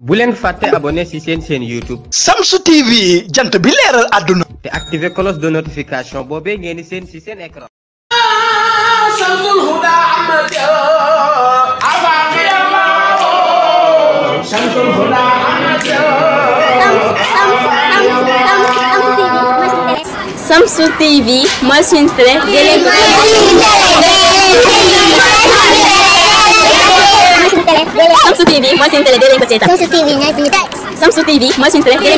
bu len faté abonné ci sen sen YouTube Samsung TV jant bi leral aduna té activer cloche de notification bobé ngeen sen ci sen écran samsul huda amat afaqiya samsul huda amat Samsung TV mooy 3, télé. Samsu TV mooy suñu télé dinañ ko seetaan. Samsu TV ñooy suñu télé. Samsu TV mooy suñu télé.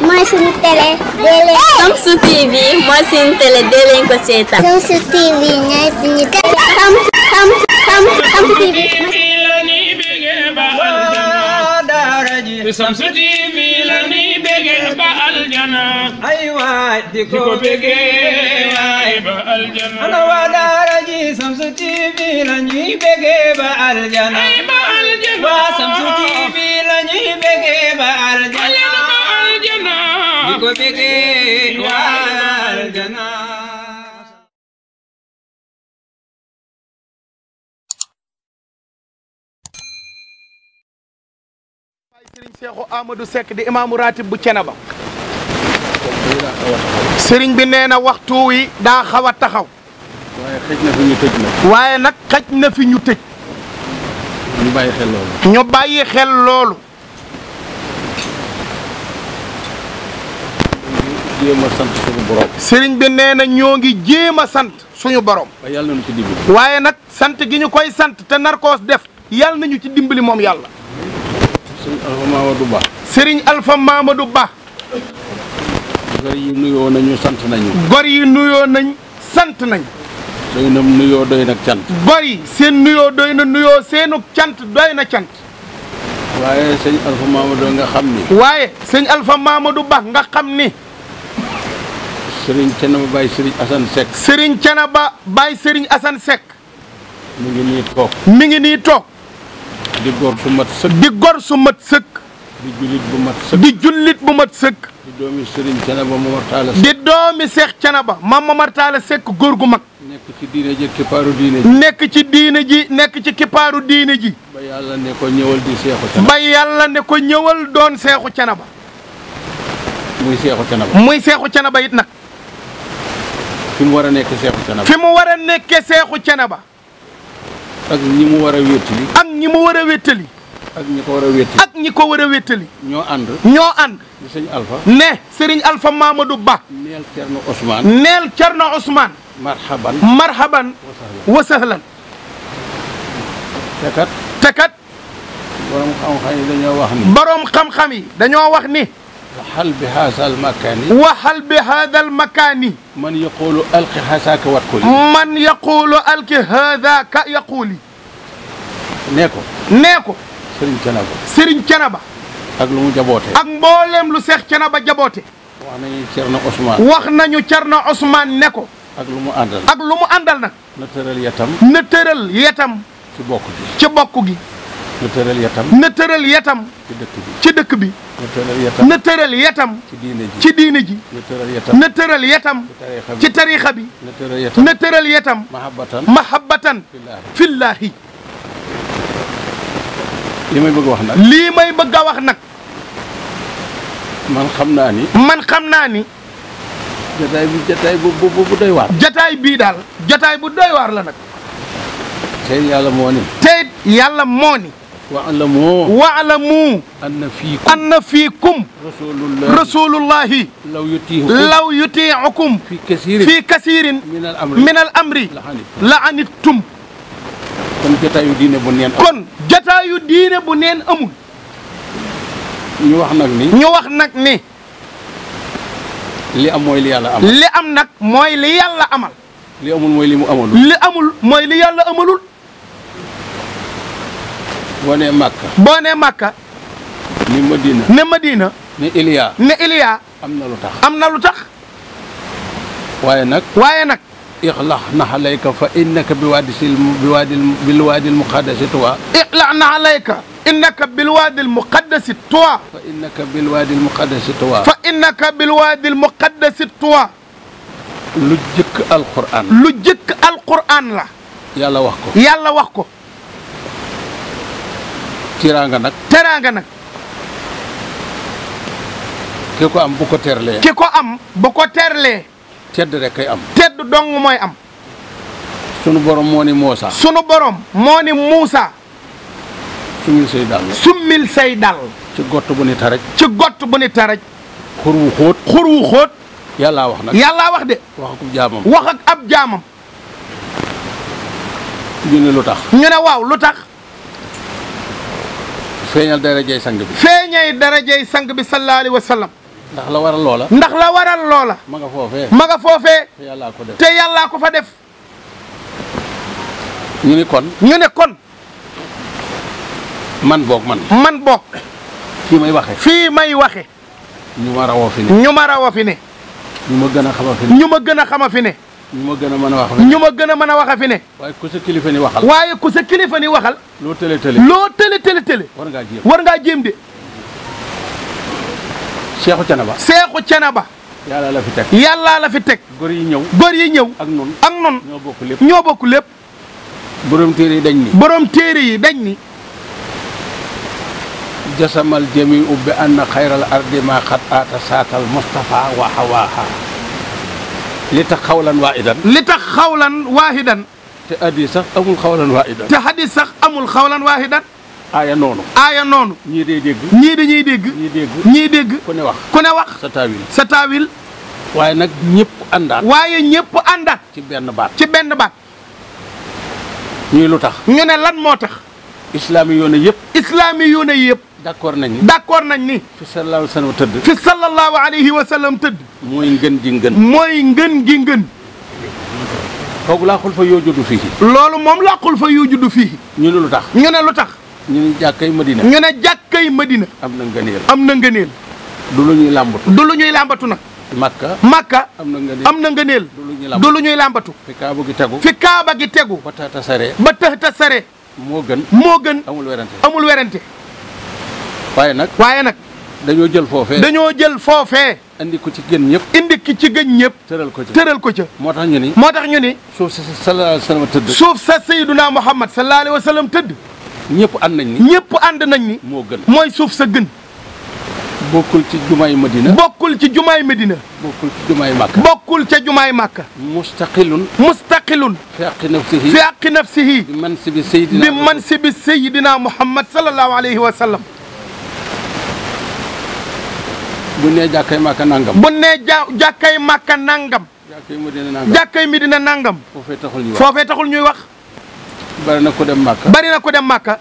mooy suñu télé dinañ Samsu TV mooy suñu télé dinañ ko seetaan. Samsu TV ñooy suñu télé. Samsu Samsu Samsu Samsu TV. Samsu TV. ay waay di ko bëggee waay ba aljana ana waa daara ji Shamsu TV la ñuy bëggee ba aljana ay ba aljana waa Shamsu TV di ko bëggee waay aljana Seexu Amadou Seck di imaamu ratib bu sëriñ bi nee na waxtu wi daa xaw a taxaw waaye xëj na nag waaye na fi ñu tëj ñu bàyyi xel loolu ñu bàyyi sëriñ bi nee na ñoo ngi jéem a sant suñu borom waaye yàlla nañu ci dimbali waaye nag sant gi ñu koy sant te narkos def yàlla nañu ci dimbali moom yàlla sëriñ Alpha Mamadou Ba. sëriñ Alpha du Ba. gor yi nuyoo nañu sant nañu. gor yi nuyoo nañ sant nañ. doy na nuyoo doy na cant. gor yi seen nuyoo doy na nuyoo seenu cant doy na cant. waaye sëñ Alpha Mamadou nga xam ni. waaye sëñ Alpha du Ba nga xam ni. sëriñ Canaba Baye sëriñ Assane Seck. sëriñ Canaba Baye sëriñ Assane Seck. mi ngi nii toog. mi ngi nii di gor su mat sëkk. di su mat sëkk. di jullit bu mat sëkk. di jullit bu mat sëkk. di doomi Serigne Canaba Momar Talla Seex Canaba maam Momar Talla Seck góor gu mag. nekk ci diine ji kippaaru diine ji. nekk ci diine ji nekk ci kippaaru diine ji. ba yàlla ne ko ñëwal di seexu Canaba. ba yàlla ne ko doon seexu Canaba. muy seexu Canaba. muy seexu Canaba it nag. fi mu war a nekk seexu war a nekkee seexu Canaba. ak ñi mu war a wéttali. ak ñi mu war a wéttali. ak ñi ko war a wéttali. ak ñi ko war a wéttali. ñoo ànd. ñoo ànd. ne sëñ Alpha. ne sëriñ Alpha Mamadou Ba. neel Thierno Ousmane. neel Thierno Ousmane. marhaban. marhaban. wa sahlan te kat. te xam-xam yi dañoo wax ni. borom xam-xam yi dañoo wax ni. وحل بهذا المكان وحل بهذا المكان من يقول ألق هذاك وتقول من يقول nee ko nee ko Serigne Thiénaba Serigne ak lu mu jaboote ak mbooleem lu Seex Thiénaba jaboote wax nañu Cerno Ousmane wax nañu Cerno Ousmane ne ko ak lu mu àndal ak lu mu àndal nag na tëral yetam na tëral yetam ci bokku gi na tëral yatam na yatam. ci dëkk bi ci dëkk bi. na tëral yatam na tëral yatam. ci diine ji ci diine ji. yatam ci tariixa bi na yatam mahabbatan mahabbatan. fillaahi. may bëgg wax nag. lii man xam naa ni. man xam naa ni. jataay bi jataay bu bu bu doy waar. daal jataay bu doy la nag. tey tey yàlla moo ni. واعلموا ان فيكم رسول الله لو يطيعكم في كثير من الامر لعنتم كن جتايو دين بنين كن جتايو دين بنين امول ني ني ني ني لي ام موي لي يالا لي ام نك موي لي يالا امال لي امول موي لي مو امول لي امول موي لي يالا boo nee Makka. boo nee Makka. ne Madina. ne Madina. ne Iliya. ne Iliya. am na lu tax am na lu tax. waaye nag. waaye nag. ixlax naxalayka fa innaka bi waadi si bi waadi bil waadi almuqaddasi tuwa. ixlax naxalayka. innaka bil waadi almuqaddasi tuwa. fa innaka bil waadi almuqaddasi tuwa. fa innaka bil waadi almuqaddasi tuwa. lu jëkk Alqur'an. lu jëkk Alqur'an la. yàlla wax ko. yàlla wax ko. teraanga nag. teraanga nag. ki ko am bu ko terlee. ki ko am bu ko terle tedd rek kay am. tedd dong mooy am. sunu borom moo ni Moussa. sunu borom moo ni Moussa. summil say dàll. summil say dàll. ci gott bu ni taraj. ci gott bu ni taraj. xóot. xur xóot. yàllaa wax nag yàllaa wax de. wax wax ak ab jaamam. ñu ne lu tax. ñu ne waaw lu tax. feeñal darajey sang bi feeñay darajey sang bi sallallahu alayhi wa sallam ndax la waral loola ndax la waral loola ma foofee ma nga foofee te yàllaa ko def yàllaa ko fa def ñu ne kon ñu ne kon man boog man man boog fii may waxe fii may waxe ñu ma rawoo fi ne ñu ma rawoo gën a xama fi ne ñu ma gën a xama fi ne ñu ma gën a mën a wax ñu ma gën a mën a fi ne. waaye ku sa kilifa ni waxal. waaye tële tële loo tële war ngaa jéem de. Seexu Canaba. Seexu Canaba. yàlla la fi teg yàlla la fi teg. góor yi ñëw góor yi ñëw. ak noonu ak noonu. ñoo bokk lépp ñoo bokk lépp. borom téere yi dañ ni. borom téere yi dañ ni. jasamal jami ubbi anna xayral ardi ma xat aata saatal Moustapha waxa li tax xawlan waahidan li tax xawlan waahidan te hadis sax amul xawlan waahidan te hadis sax amul xawlan waahidan aaya noonu aaya noonu ñii day dégg ñii dañuy dégg ñii dégg ñii dégg ku ne wax ku ne wax sa taawil sa taawil waaye nag ñëpp àndaat waaye ñëpp àndaat ci benn baat ci benn baat ñuy lu tax ñu ne lan moo tax islaami yoone yëpp islaami yoone yëpp d'accord nañ ni d'accord nañ ni fi sallallahu alayhi wa sallam tëdd fi sallallahu alayhi wa sallam tëdd mooy ngën gi ngën. mooy ngën gi ngën. kooku laaxul fa yoo juddu fii. loolu moom laaxul fa yoo juddu fii. ñu lu tax ñu lu tax. ñu ne jàkkay Madina. ñu ne jàkkay Madina. am na ngëneel am na ngëneel. du lu ñuy làmbatu. du lu ñuy làmbatu nag. Makka. Makka am na ngëneel am na ngëneel. du lu ñuy làmbatu. fi kaaba gi tegu. fi kaaba gi tegu. ba tax tasare. ba tasare. moo gën. moo gën amul werante amul werante. waaye nag waaye nag. dañoo jël foofee. dañoo jël foofee. indi ko ci gën ñëpp. indi ki ci gën ñëpp. tëral ko ci tëral ko ca. moo tax ñu ni. moo tax ñu ni. suuf sa sallallahu alayhi tëdd. suuf sa Sayyiduna Muhammad sallallahu alayhi wa sallam tëdd. ñëpp ànd nañ ni. ñëpp ànd nañ ni. moo gën mooy suuf sa gën. bokkul ci jumaay Medina. bokkul ci jumaay Medina. bokkul ci jumaay Makka. bokkul ca jumaay Makka. mustaqilun. mustaqilun. fi aqi nafsihi. fi aqi nafsihi. man si bi Seydina. bi man si bi Seydina Muhammad sallallahu alayhi wa sallam. bu nee jàkkay màkka nangam. bu nee ja jàkkay màkka nangam. jàkkay Medina nangam jàkkay Medina nangam. foofee taxul ñuy wax foofee taxul ñuy wax. bari na ko dem màkka. bari na ko dem màkka.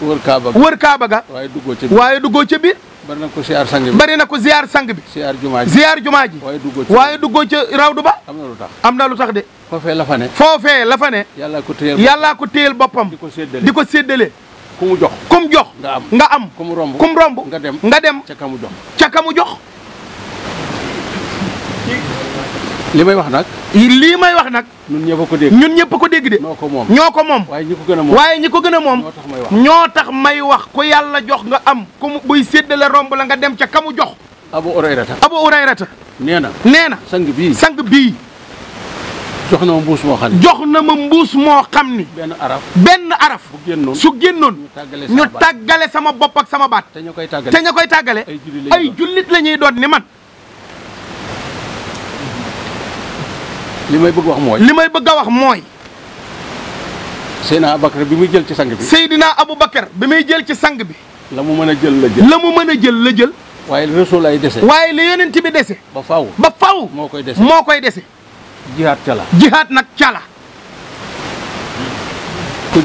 wër Kaaba ga Kaaba ga. waaye duggoo ca biir waaye duggoo ca biir. bari na ko ziar sang bi bari na ko ziar sang bi. ziar jumaa ji ziar jumaa ji. waaye duggoo ca waaye duggoo ca rawdu ba. am na lu tax am na lu tax de. foofee la fa ne. foofee la fa ne. yàllaa ko téyel boppam di ko séddale di ko séddale. ku mu jox ku jox. nga am nga am ku mu romb nga dem nga dem ca ka mu jox ca ka jox. li may wax nag. lii may wax nag. ñun ñëpp ko dégg ñun ñëpp ko dégg de. ñoo ko moom ñoo ko moom. waaye ñi ko gën a moom waaye ñi ko ñoo tax may wax ko yàlla jox nga am ku mu buy séddale romb la nga dem ca ka jox. Abu Hurayrata Abu nee na nee na sang bii sang bii. jox na ma mbuus moo xam ne. na ma mbuus moo xam ni. benn araf benn araf. bu génnoon su génnoon. ñu tàggale sama bopp ak sama baat. te ña koy tàggale te koy tàggale. ay jullit la ñuy doon ni man. li may bëgg wax mooy. li may bëgg a wax mooy. Seydina Aboubacar bi muy jël ci sang bi. Seydina Aboubacar bi muy jël ci sang bi. la mu mën a jël la jël. la mu mën a jël la jël. waaye rasul ay dese. waaye li yonent bi dese. ba faw ba moo koy dese moo koy dese. jihaat ca jihaat nag ca la. ku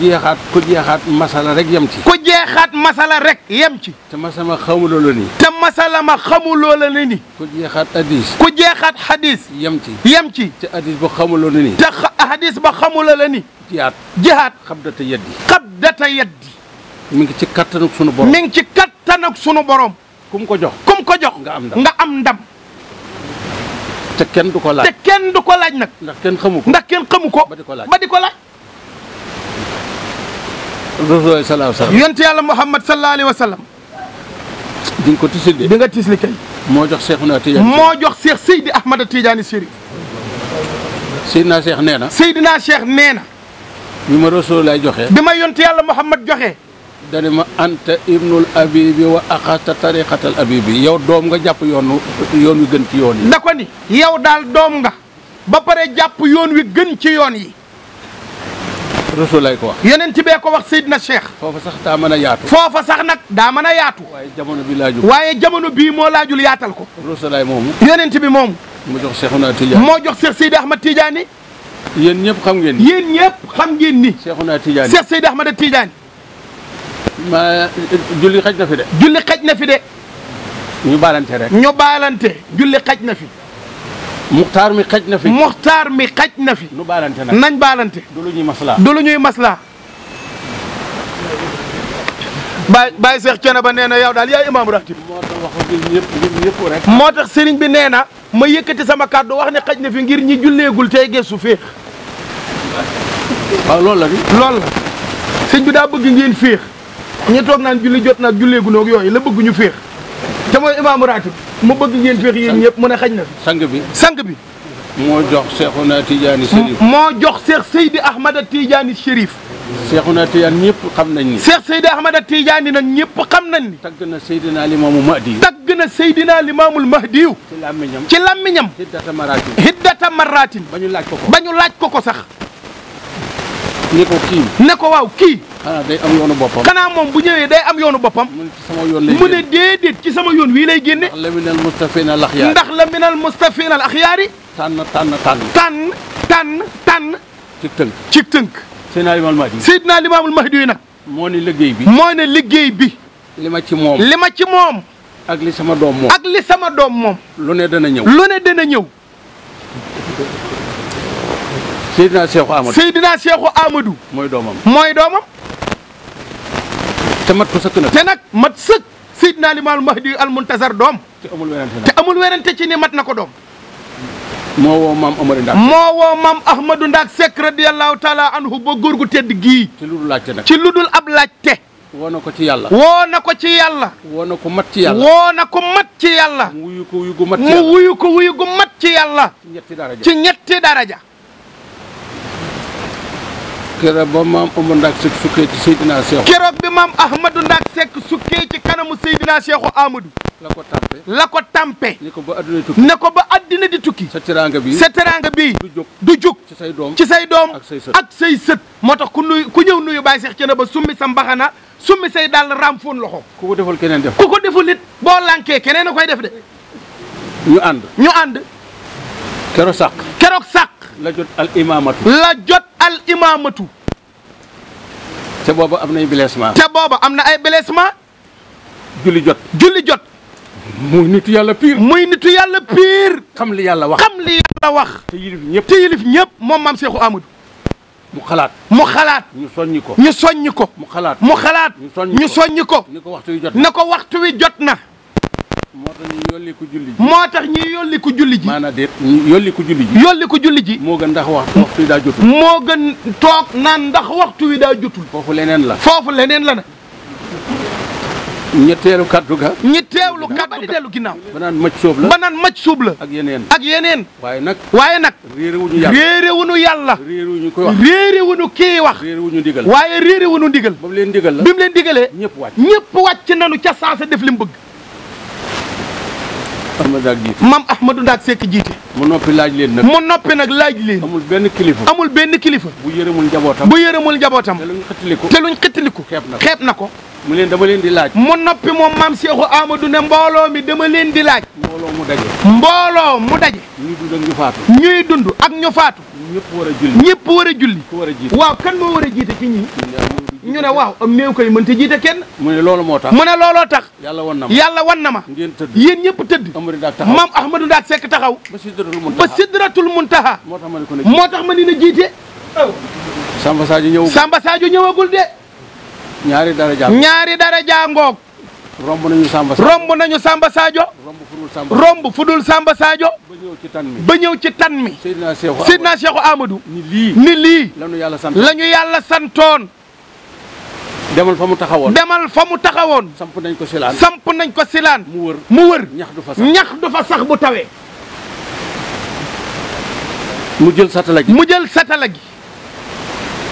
jeexaat masala rek yem ci. ku jeexaat masala rek yem ci. te masala ma xamuloo la nii. te masala ma xamuloo la nii. ku jeexaat yem ci yem ci. te hadis ba xamuloo la nii. xamuloo la nii. jihaat jihaat. xabdata yeddi. xabdata yeddi. mi ngi ci kattan ak sunu borom. mi ngi ci kattan sunu borom. kum ko jox kum jox. nga am ndam nga am ndam. te kenn du ko laaj kenn du ko laaj nag. ndax kenn xamu ko ndax kenn xamu ko. ba di ko laaj ba di ko laaj. rasulullah sallallahu alayhi wa sallam. yonent ko tisli de. di nga tisli kay. moo jox Seexuna moo jox Seex Seydi Ahmada Tijaani Sëriñ. Seydina Cheikh nee na. Seydina Cheikh nee na. bi ma rasulullah joxe. bi ma yonent yàlla Muhammad joxe. داني انت ابن الابيب واخذت طريقه الابيب ياو دومغا جاب يونو يونو گنتي يوني داكو ني ياو دال دومغا با بري جاب يونو گنتي يوني رسول الله كو يوننتي بي كو واخ سيدنا شيخ فوفا صح تا مانا ياتو فوفا صح نك دا مانا ياتو واي جامونو بي لاجول واي جامونو بي مو لاجول رسول الله موم يوننتي بي موم مو شيخنا تيجاني مو شيخ سيدي احمد تيجاني يين ييب خام گين شيخنا تيجاني شيخ سيدي احمد تيجاني ma julli xaj nafi fi de. julli xaj na fi de. ñu balante rek. ñu baalante julli xaj na fi. muxtaar mi xaj na fi. muxtaar mi na fi. nu baalante nag nañ baalante. du ñuy masla du lu ñuy maslaa. Baye Baye Cheikh Thiénaba nee yow daal yaay imaamu ratib. moo tax wax bi ñëpp sëriñ bi nee na ma yëkkati sama kàddu wax ne xaj na fi ngir ñi julleegul tey gëstu féex. waaw loolu la bi. loolu la sëñ ñi toog naan julli jot naag julleegunoog yooyu la bëgg ñu féex te mooy imaamu raatib mu bëgg ngeen féex yéen ñëpp mën a xañ na sang bi sang bi moo jox Seexuna Tijaani Chérif moo jox Seex Seydi Ahmada Tijaani Chérif Seexuna Tijaani ñëpp xam nañ ni Seex Seydi Ahmada Tijaani nag ñëpp xam nañ ni tagg na Seydina Limaamu Mahdi tagg na Seydina Limaamul Mahdi ci làmmiñam ci làmmiñam hiddata maraatin hiddata maraatin ba ñu laaj ko ko ba ñu laaj ko ko sax ne ko kii kii ah day am xanaa moom bu ñëwee day am yoonu boppam. mu ne déedéet ci sama yoon wii lay génne. ndax la minal mustafiina al axyaari. la minal mustafiina al axyaari. tànn tànn tànn. tànn tànn tànn. ci tënk ci tënk. Seydina Limaamul Mahdi. Seydina Limaamul Mahdi yi nag. moo ne liggéey bi. moo liggéey bi. li ma ci moom li ma ci moom. ak li sama doom moom sama doom moom. lu ne dana ñëw lu ne dana ñëw. Seydina Cheikhou Amadou. Seydina Cheikhou Amadou. mooy doomam mooy doomam. te mat ko sëkk na te nak mat sëkk sidna limaal mahdi al muntazar dom, te amul werante te amul werante ci ni mat nako dom mo wo mam maam ndak mo wo mam maam Ahmadou Ndaak Seck radiyallahu taala anhu bo góor gu tedd gi ci ludul laajte nak ci luddul ab lacc woo wonako ci yalla wonako ci yalla wonako mat ci yalla wonako mat ci yalla mu wuyu ko wuyu gu mat ci yalla mu wuyu ko wuyu gu mat ci yalla ci ñetti daraja ci ñetti daraja kera ba mam Amadou ndak Seck fukki ci sidina Cheikh keroog maam Ahmadou Ndaak Seck sukkee ci kanamu Seydina Cheikhu Amadou. la ko tàmpe la ko ne ko ba addina di tukki ne ko ba addina di tukki. sa teraanga bi sa teraanga bi du jóg du jóg. ci say doom ci say doom ak say sët ak say sët. moo tax ku nuyu ku ñëw nuyu Baye Cheikh ci na ba summi sa mbaxana summi sey daal raam foon loxo. ku ko deful keneen def ku ko deful it boo lankee keneen a koy def de. ñu ànd ñu ànd. keroog sàq. keroog sàq. la jot al imaamatu. la jot al imaamatu. te booba am na ay blessement. te booba am na ay blessement. julli jot julli jot. muy nitu yàlla pire. muy nitu yàlla pire. xam li yàlla wax xam li yàlla wax. te yilif ñëpp te yilif ñëpp moom maam Seexu Amadou. mu xalaat mu xalaat. ñu soññi ko ñu soññi ko. mu xalaat mu xalaat. ñu soññi ko ñu soññi ko. na ko waxtu wi jot na. moo tax ñuy yolli ku julli ji moo tax ñuy yolli ku julli ji maanaam déet yolli ku julli ji yolli ku julli ji moo gën ndax waxtu wi daa jotul moo gën toog naan ndax waxtu wi daa jotul foofu leneen la foofu leneen la nag ñi teelu kaddu ga ñi teewlu kaddu ga di dellu ginnaaw ba naan maj suub la ba naan maj suub la ak yeneen ak yeneen waaye nag waaye nag réerewuñu yàlla réerewuñu yàlla réerewuñu koy wax réerewuñu kii wax réerewuñu ndigal waaye réerewuñu ndigal ba mu leen digal la bi mu leen digalee ñëpp wàcc ñëpp wàcc ca saasa def li mu bëgg maam Ahmadou Ndaak Seck jiite. mu noppi laaj leen nag. mu noppi nag laaj leen. amul benn kilifa. amul benn kilifa. bu yërëmul njabootam. bu yërëmul njabootam. te luñ xëttiliku. te luñ xëttiliku. xeeb na ko ko. mu leen dama leen di laaj. mu noppi moom maam Cheikhou Amadou ne dama leen di laaj. mbooloo mu daje. mbooloo mu daje. ñuy dund ak ñu faatu. ñuy dund ak ñu faatu. ñëpp a julli. ñëpp a julli. war a jiite waaw kan a jiite ci ñii. ñu ne waaw am néew koy mënta jiite kenn. mu ne moo tax. mu ne looloo tax. yàlla wan ma yàlla wan tëdd. Ahmadou Ndaak taxaw maam Ahmadou Ndaak Seck taxaw. ba sidratul muntaha ba sidratul muntaha. moo tax ma ne ko ne moo tax ma ne na jiite. Oh. Samba Sadio ñëwagul Samba Sadio ñëwagul de. ñaari dara jàngoog ñaari dara jàngoog. romb nañu Samba Sadio romb nañu Samba Sadio. romb fudul Samba ba ñëw ci tan mi ba ñëw ci ni lii ni lii. santoon. demal fa mu taxawoon demal fa mu taxawoon. samp nañ ko silaan samp nañ ko silaan. mu wër mu wër ñax du fa sax ñax du fa sax bu tawee. mu jël satala gi mu jël satala gi.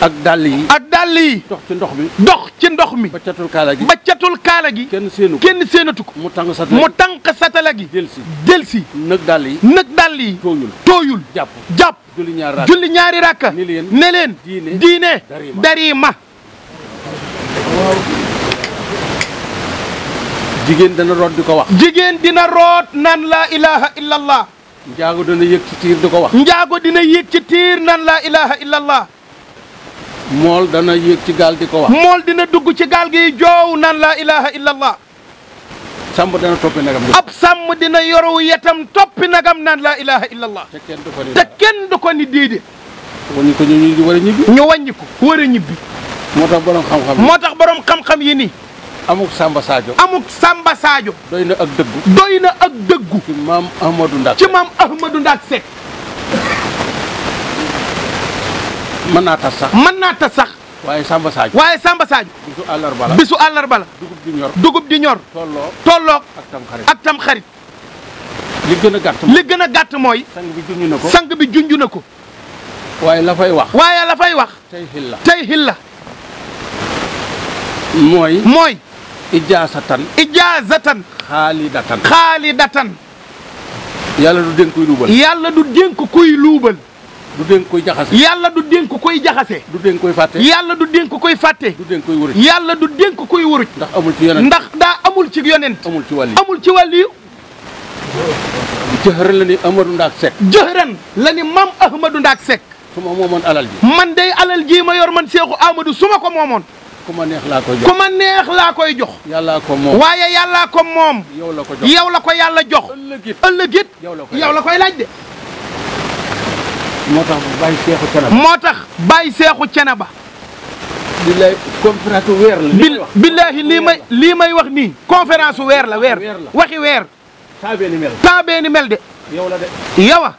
ak dàll yi ak dàll yi. dox ci ndox mi dox ci ndox mi. baccatul kaala gi baccatul kaala gi. kenn séenu kenn séenatu ko. mu tànk satala gi mu tànk satala gi. jël si jël si. nëg dàll yi nëg dàll yi. tooyul tooyul jàpp jàpp. julli ñaari raaka julli ñaari leen ne leen diine diine. darima. jigéen dana root di ko wax. jigéen dina root naan laa ilaha illallah. njaago dana yëg di ko wax. njaago dina yëg ci tiir naan laa ilaha illallah. mool dana yëg ci di ko wax. mool dina dugg ci gaal gi joow naan laa ilaha illallah. sàmm dana toppi nagam ab sàmm dina yoru yetam toppi nagam nan laa ilaha illallah. te kenn du ko ni te kenn ko ñu war a ñibbi. ñu wàññi ko war ñibbi. moo tax borom xam-xam moo tax borom xam yi nii. amuk Samba Sadio. amuk Samba Sadio. doy na ak dëggu. doy na ak dëggu. ci maam Ahmadou Ndak. ci maam Ahmadou Ndak naa tas sax. mën naa tas sax. waaye Samba Sadio. waaye Samba Sadio. bisu àllarba la bisu àllarba la. dugub di ñor dugub di ñor. tolloo tolloog ak tam xarit ak gën a gàtt mooy li gën a gàtt mooy. sang bi junj ko sang bi junj na ko. waaye la fay wax. waaye lafay wax. tey xil la tey la. mooy. mooy. ijaazatan. ijaazatan. xaalidatan. xaalidatan. yàlla du dénk kuy luubal. yàlla du dénk kuy luubal. du koy jaxase. yàlla du dénk koy jaxase. du dénk koy fàtte. yàlla du dénk koy fàtte. du dénk wuruj. yàlla du dénk koy wuruj. ndax amul ci yonent. ndax daa amul ci yonent. amul ci wàll yi amul ci wàll yi. jëhëran la ni Amadou Ndaak Seck. jëhëran maam Ahmadou Ndaak Seck. su ma moomoon alal ji. man day alal ji ma yor man Seexu amadu su ma ko moomoon. ku ma neex laa koy jox ma neex laa koy jox. yàllaa ko moom waaye yàllaa ko moom. yow la ko yow la ko yàlla jox. ëllëgit ëllëgit. yow la koy la koy laaj de. moo tax bàyyi seexu cana ba. moo tax bàyyi seexu cana ba. billaahi lii may lii may wax nii. conférence weer la weer waxi weer. temps bee ni mel. de. yow la de. yow a.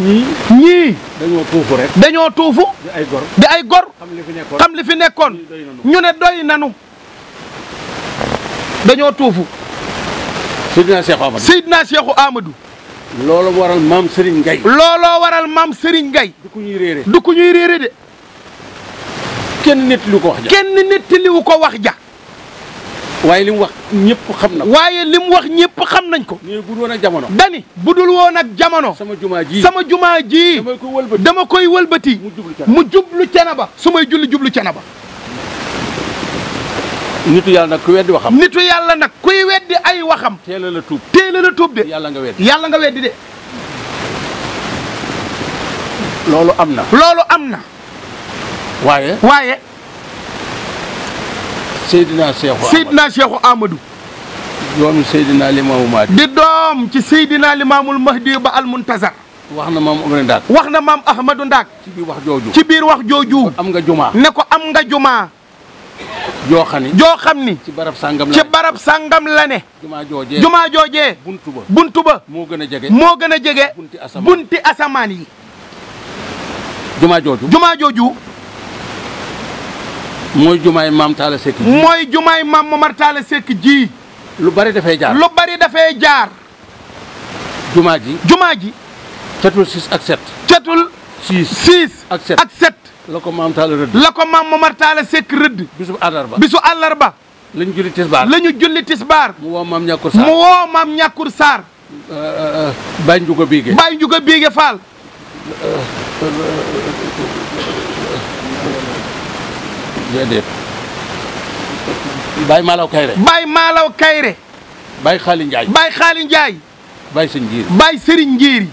ñii. ñii. dañoo tuufu rek. dañoo tuufu. di ay gor di ay gor. xam li fi nekkoon xam li fi nekkoon ñu ne doy nanu dañoo tuufu. Seydina Cheikh Amadou Seydina Cheikh Amadou. looloo waral maam Serigne Ngaye. looloo waral maam Serigne Ngaye. du ku ñuy réere du ku ñuy réere de. kenn nit li ko wax ko wax ja. waaye li mu wax ñépp xam na waaye li mu wax ñépp xam nañ ko nee budul woon ak jamono dani budul woon ak jamono sama jumaa jii sama jumaa ji dama koy walbati mu jublu cana ba su may julli jublu cana ba nitu yàlla nag ku weddi waxam nitu yàlla nag kuy weddi ay waxam teela la tuub teela tuub de yàlla nga weddi yàlla nga weddi de loolu am na loolu am na waaye waaye Seydina Cheikhou Amadou Seydina di doom ci Seydina Limaamul Mahdi ba almuntazar. wax na maam Amady Ndaak. wax na maam Ahmadou ci biir wax jooju. ci biir wax jooju. am nga jumaa ne ko am nga jumaa. joo xam ni joo xam ni. ci barab sangam la ci barab sangam la ne. jumaa joojee jumaa ba buntu gën a jege moo gën a jege. bunti asamaan bunti asamaan yi. jumaa jumaa jooju. mooy jumaay maam Talla Seck ji. mooy jumaay ji. lu bari dafay jaar lu bari dafay jaar. jumaa ji jumaa ji. catul 6 ak 7. catul. 6 6 ak 7 la ko maam Talla rëdd. la ko maam Momar Talla Seck rëdd. bisu àllarba bisu àllarba. la ñu julli tisbaar la ñu julli tisbaar. mu woo maam Ñàkkur Sarr mu woo maam Ñàkkur bay Baye Malaw Kayre. Baye Malaw Kayre. Baye Xaali Njaay. Baye Sëñ Njiiri. Baye Sëriñ Njiiri.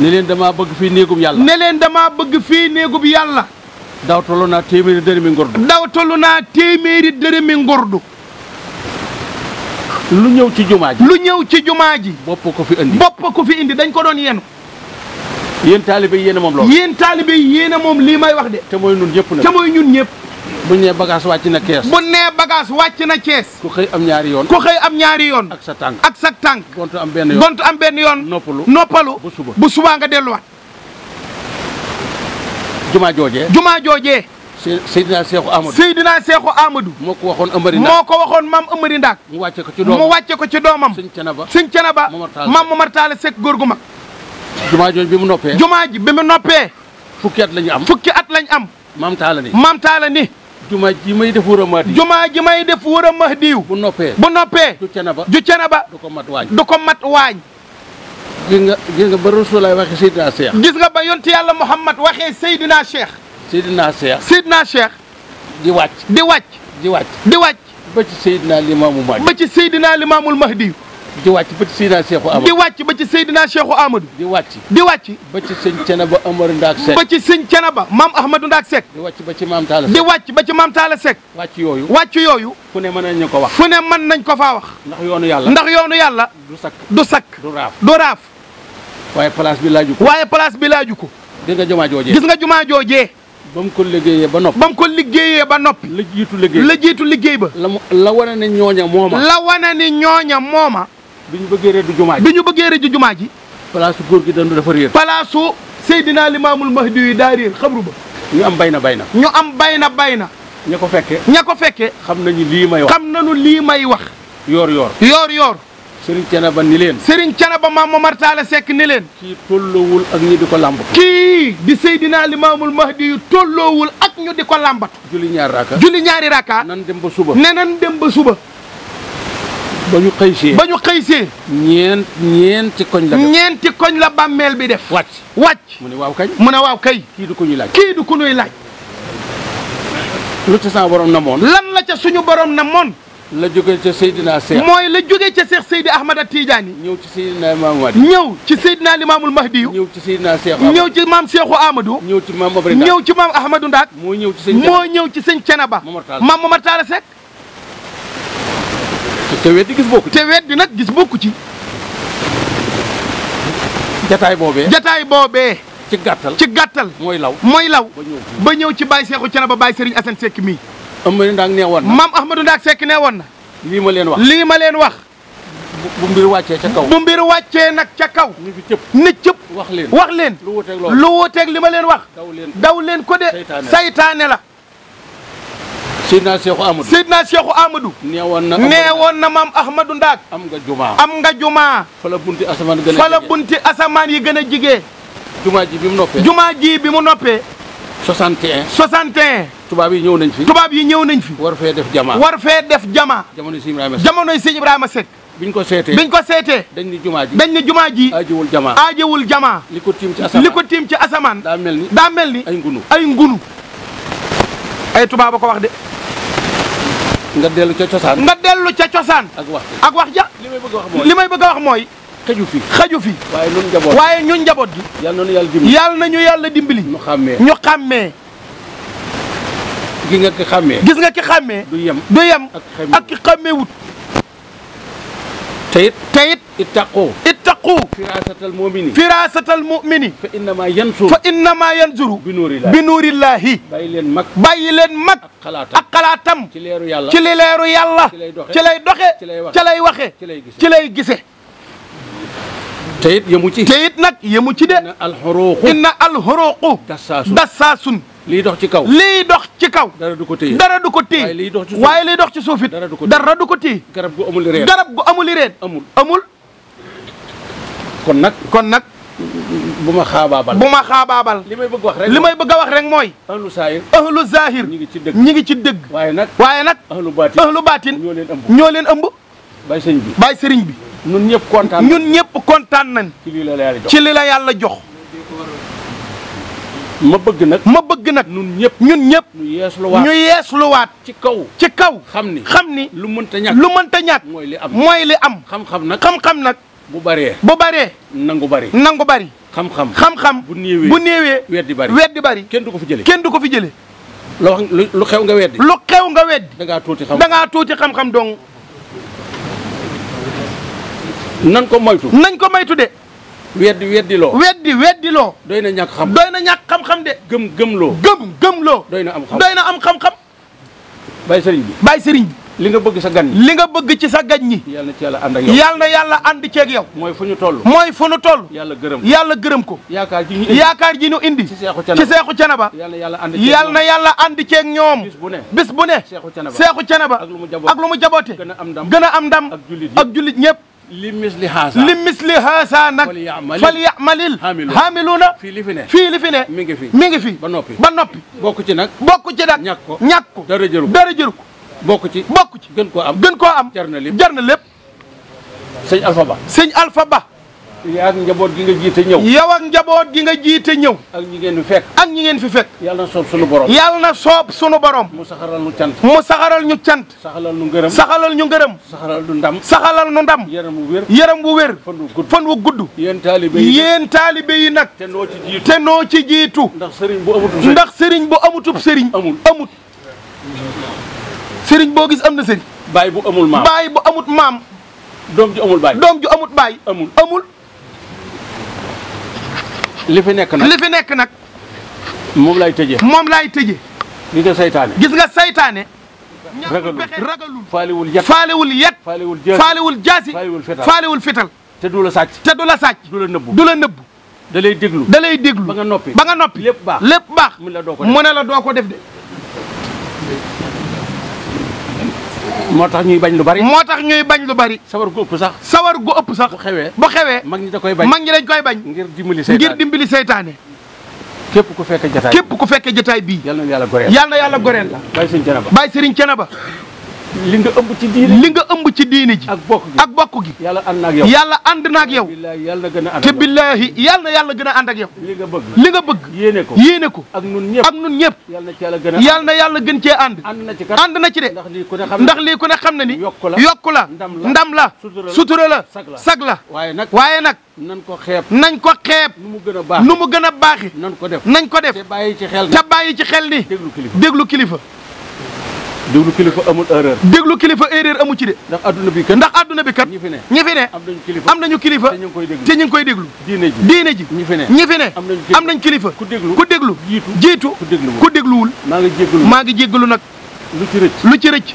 ne leen damaa bëgg fii néegub yàlla. ne leen damaa bëgg fii néegub yàlla. daw tollu naa téeméeri dërëmi ngordu. daw naa téeméeri dërëmi lu ñëw ci jumaa lu ñëw ci jumaa ji. bopp ko fi indi. bopp ko fi indi dañ ko doon yenu yéen taalibe yéen a moom loolu. yéen taalibe yéen a moom lii may wax de. te mooy ñun ñëpp nag te ñun ñëpp. bu nee bagage wàcc na kees bu nee bagage wàcc na kees ku xëy am ñaari yoon ku xëy am ñaari yoon ak sa tànk ak sa tànk gontu am benn yoon gontu am benn yoon noppalu noppalu bu suba bu subaa nga delluwaat jumaa joojee jumaa joojee Seydina Seexu Amadou Seydina Seexu Amadou moo ko waxoon Amari Ndaak moo ko waxoon maam Amari mu wàcce ko ci doomam mu wàcce ko ci doomam sëñ Canaba sëñ Canaba maam Momar Taala góor gu mag jumaa jooj bi mu noppee jumaa ji bi mu noppee fukki at lañu am fukki at lañ am maam taala ni jumaa ji may def wër a mahdiw jumaa ji may def wër a mahdiw bu noppee bu na ju cana ba ju cana ba du ko mat waañ du ko mat waañ gis nga gis ba Rasulaay waxee Seydina Cheikh gis nga ba yonti yàlla Muhammad waxee Seydina Cheikh Seydina Cheikh Seydina Cheikh di wàcc di wàcc di wàcc di wàcc ba ci Seydina Limaamul Mahdi di wàcc ba ci Seydina Cheikhou Amadou. di wàcc ba ci Seydina Cheikhou Amadou. di wàcc. di wàcc. ba ci sëñ Thiénaba Amar Ndaak Seck. ba ci sëñ Thiénaba maam Ahmadou Ndaak Seck. di wàcc ba ci maam Talla Seck. di wàcc ba ci maam Talla wàcc yooyu. wàcc yooyu. fu ne mën nañ ko wax. fu ne mën nañ ko faa wax. ndax yoonu yàlla. ndax yoonu yàlla. du sakk du sakk. du raaf du raaf. waaye place bi laaju ko. waaye place bi laaju ko. gis nga jumaa joojee. gis nga jumaa joojee. ba mu ko liggéeyee ba noppi. ba mu ko liggéeyee ba noppi. la jiitu liggéey la jiitu liggéey ba. la mu la wane ne ñooña mooma. la wane ne ñooña mooma. bi ñu bëggee rëdd jumaa ji bi ñu bëggee rëdd jumaa ji. palaasu góor gi dandu dafa réer. palaasu Seydina Limaamul Mahdi yi daa réer xabru ba. ñu am bay na bay na. ñu am bay na bay na. ña ko fekkee ña ko fekkee. xam na nañu lii may wax xam nañu lii may wax. yoor yoor yoor yoor. Serigne Thiénaba ni leen. Serigne Thiénaba maam Momar Talla Seck ni leen. kii tolloowul ak ñu di ko làmbatu. kii di Seydina Limaamul Mahdi yu tolloowul ak ñu di ko làmbatu. julli ñaari raaka julli ñaari raaka. nan dem ba suba nee dem ba suba. ba ñu xëy see. ba ñu xëy see. ñeent ñeenti koñ la def ñeenti koñ la bàmmeel bi def. wàcc wàcc. mu ne waaw kañ mu ne waaw kay. kii du ko ñuy laaj kii du ko ñuy laaj. lu ca sama borom namoon. lan la ca suñu borom namoon. la jóge ca Seydina Cheikh. mooy la jóge ca Cheikh Seydi Ahmad Tidiane. ñëw ci Seydina Limaamu Mahdi. ñëw ci Seydina Limaamul Mahdi. ñëw ci Seydina Cheikh ñëw ci maam Cheikhou Amadou. ñëw ci maam Abdoulaye ñëw ci maam Ahmadou Ndaak. moo ñëw ci sëñ Thiénaba moo ñëw ci sëñ Thiénaba. Momar Talla Seck te wet di gis bokku ci te wet di nag gis bokku ci jataay boobee jataay boobee ci gàttal ci gàttal mooy law mooy law ba ñëw ci Baye Cheikhou Thiénaba Baye Serigne Assane Seck mii Ahmadou Ndaak nee woon na maam Ahmadou Ndaak Seck nee woon na lii ma leen wax lii ma leen wax bu mbir wàccee ca kaw bu mbir wàccee nag ca kaw ni fi cëpp ni cëpp wax leen wax leen lu wuteeg lu wuteeg li ma leen wax daw leen ko de saytaane la Seydina Cheikhou Amadou Seydina Cheikhou Amadou. neewoon na neewoon na maam Ahmadou Ndaak. am nga jumaa am nga jumaa. fa la bunti asamaan a fa la bunti asamaan yi gën a jigee. jumaa ji bi mu noppee. jumaa ji bi mu noppee. 61. 61. tubaab yi ñëw nañ fi. tubaab yi ñëw nañ fi. war fee def jamaa war fee def jamaa. jamonoy sëñ Ibrahima Seck jamonoy sëñ Ibrahima Seck. biñ ko seetee biñ ko seetee. dañ ni jumaa dañ ni jumaa ji. aajewul jamaa aajewul jamaa. li ko tiim ci asamaan li ko tiim ci asamaan. daa mel ni daa mel ni. ay ngunu ay ngunu. ay tubaab a ko wax de. nga dellu ca cosaan nga dellu ca cosaan ak wax ak wax ja li may bëgg a wax mooy li xaju fi xaju fi waaye ñun njaboot waaye ñun njaboot gi yàlla nañu yàlla dimbali yàlla nañu yàlla dimbali ñu xàmmee ñu xàmmee gis nga ki xàmmee gis nga ki xàmmee du yem du yem ak ki xàmmee wut te it te it it it يرزق فراسة المؤمن فراسة المؤمن فإنما ينصر فإنما ينصر بنور الله بنور الله bàyyi leen mag bàyyi leen mag ak xalaatam ci leeru yàlla ci leeru yàlla ci lay doxe ci lay waxe ci lay gise te it yemu ci te it nag yemu ci de alxuruqu inna alxuruqu dassaasun dassaasun lii dox ci kaw lii dox ci kaw dara du ko téye dara du ko téye waaye liy dox ci suuf it dara du ko téye garab gu amul reen garab gu amul reen amul amul kon nag kon nag. bu ma xaabaabal bu ma xaabaabal. li may bëgg wax rek li may bëgg a wax rek mooy. ahlu zahir ahlu zahir. ñi ngi ci dëgg ñi ngi ci dëgg. waaye nag waaye nag. ahlu baatin ahlu baatin ñoo leen ëmb ñoo leen ëmb. bàyyi sëriñ bi bàyyi sëriñ bi. ñun ñëpp kontaan ñun ñëpp kontaan nañ. ci li la yàlla jox ci li yàlla jox. ma bëgg nag ma bëgg nag ñun ñëpp ñun ñëpp ñu yeesluwaat ñu yeesluwaat ci kaw ci kaw xam ni xam ni lu mënta ñàkk lu mënta ñàkk mooy li am mooy am xam nag xam-xam nag bu baree bu baree. nangu bari nangu bari. xam-xam xam-xam bu néewee bu néewee. weddi bari weddi bari. kenn du ko fi jëlee kenn du ko fi jëlee. loo lu xew nga weddi. lu xew nga weddi. da ngaa tuuti xam da ngaa tuuti xam-xam dong. nan ko moytu. nañ ko moytu de. weddi weddi loo. weddi weddi loo. doy na ñàkk xam doy na ñàkk xam de. gëm gëm loo. gëm gëm loo. doy na am xam doy na am xam-xam. bàyyi sëriñ bi bàyyi sëriñ li nga bëgg sa gan li nga bëgg ci sa gan ñi yàlla na ci yàlla ànd ak yàlla yàlla ànd ceeg yow mooy fu ñu toll mooy fu ñu toll yàlla gërëm yàlla gërëm ko yaakaar ji ñu yaakaar ji ñu indi ci seexu canaba yàlla na yàlla ànd ceeg ñoom bis bu ne seexu canaba ak lu mu jaboote gën a am ndam ak jullit ñëpp li misli haasa li misli haasa nag fal yamalil haamiluuna fii li fi ne fii li fi ne mi ngi fi mi ngi fi ba noppi ba noppi bokk ci nag bokk ci nag ñàkk ko ñàkk ko dara jëru ko bokk ci bokk ci gën koo am gën koo am jar na lépp jar na lépp sëñ Alpha Ba njaboot gi nga jiite ñëw yow ak njaboot gi nga jiite ñëw ak ñi ngeen fi fekk ak ñi ngeen fi fekk yàlla na soob sunu borom yàlla na soob sunu borom mu saxaral ñu cant mu saxaral ñu cant saxalal ñu ngërëm saxalal ñu ngërëm saxalal ñu ndam saxalal ñu ndam yaram wu wér wu wér fan wu gudd fan wu gudd yéen taalibe yi yéen taalibe yi nag te noo ci jiitu ci jiitu ndax sëriñ bu amutub sëriñ ndax sëriñ bu amutub sëriñ amul amut sëriñ boo gis am na sëriñ. baay bu amul maam baay bu amut maam. doom ju amul baay doom ju amut baay. amul amul. li fi nekk nag li fi nekk nag. moom laay tëjee moom laay tëjee. gis nga saytaane gis nga saytaane. ragalul ragalul faalewul yet faalewul yet. faalewul jaasi faalewul jaasi faalewul fital te du la sàcc te du la sàcc. du la nëbbu du la nëbbu. da lay déglu da lay déglu ba nga noppi ba nga noppi. lépp baax lépp baax. mu ne la doo ko def de. moo tax ñuy bañ lu bari. moo tax ñuy bañ lu bari. sawar gu ëpp sax. sawar gu ëpp sax. bu xewee bu xewee. mag ñi da koy bañ mag ñi dañ koy bañ. ngir dimbali seytaane ngir dimbali seytaane. képp ku fekke jotaay képp ku fekkee jotaay bii. yal na yàlla goreel yal na yàlla goreel la. bàyyi sëriñ Cenaba bàyyi sëriñ Cenaba. li nga ëmb ci diine li nga ëmb ci diine ji. ak bokk gi ak bokk gi. yàlla ànd na ak yow yàlla ànd na yow. te billaahi yàlla na yàlla gën a ànd ak yow. li nga bëgg li nga bëgg. yéene ko yéene ko. ak nun ñëpp ak nun ñëpp. yàlla na yàlla gën cee ànd. ànd na ci ànd na ci de. ndax lii ku ne xam ndax lii ku ne xam na ni. yokk la yokku la ndam la sutura la sag la waaye nag waaye nag. nañ ko xeeb nañ ko xeeb. nu mu gën a baax nu mu gën a baaxi. nañ ko def nañ ko def. te bàyyi ci xel ni déglu kilifa déglu kilifa amul erreur. déglu kilifa erreur amu ci de. ndax adduna bi kat ndax adduna bi kat. ñi fi ne ñi fi ne. am nañu kilifa am nañu kilifa te ñu koy déglu te ñu koy déglu. diine ji diine ji. ñi fi ne ñi fi ne. am nañu kilifa am nañu kilifa. ku déglu ku déglu jiitu jiitu. ku dégluwul ku dégluwul. maa ngi jéggalu maa ngi jéggalu nag. lu ci rëcc lu ci rëcc.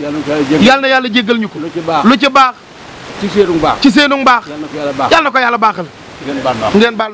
yàlla na yàlla jéggal ñu ko. lu ci baax lu ci baax. ci baax ci seenu baax. yàlla na ko yàlla baaxal ngeen baal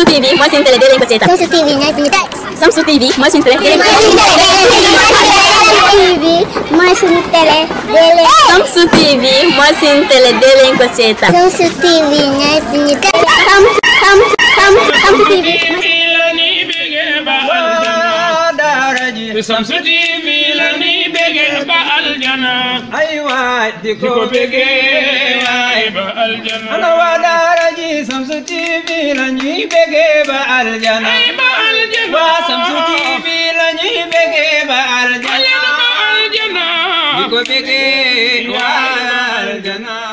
Samsu TV mooy la ñuy bégee ba aljana. Aywa di ko bégee. naay ba aljana ana waa daara ji Shamsu TV la ñuy bëggee ba aljana waa Shamsu TV la ñuy bëggee ba aljana di ko bëggee waa aljana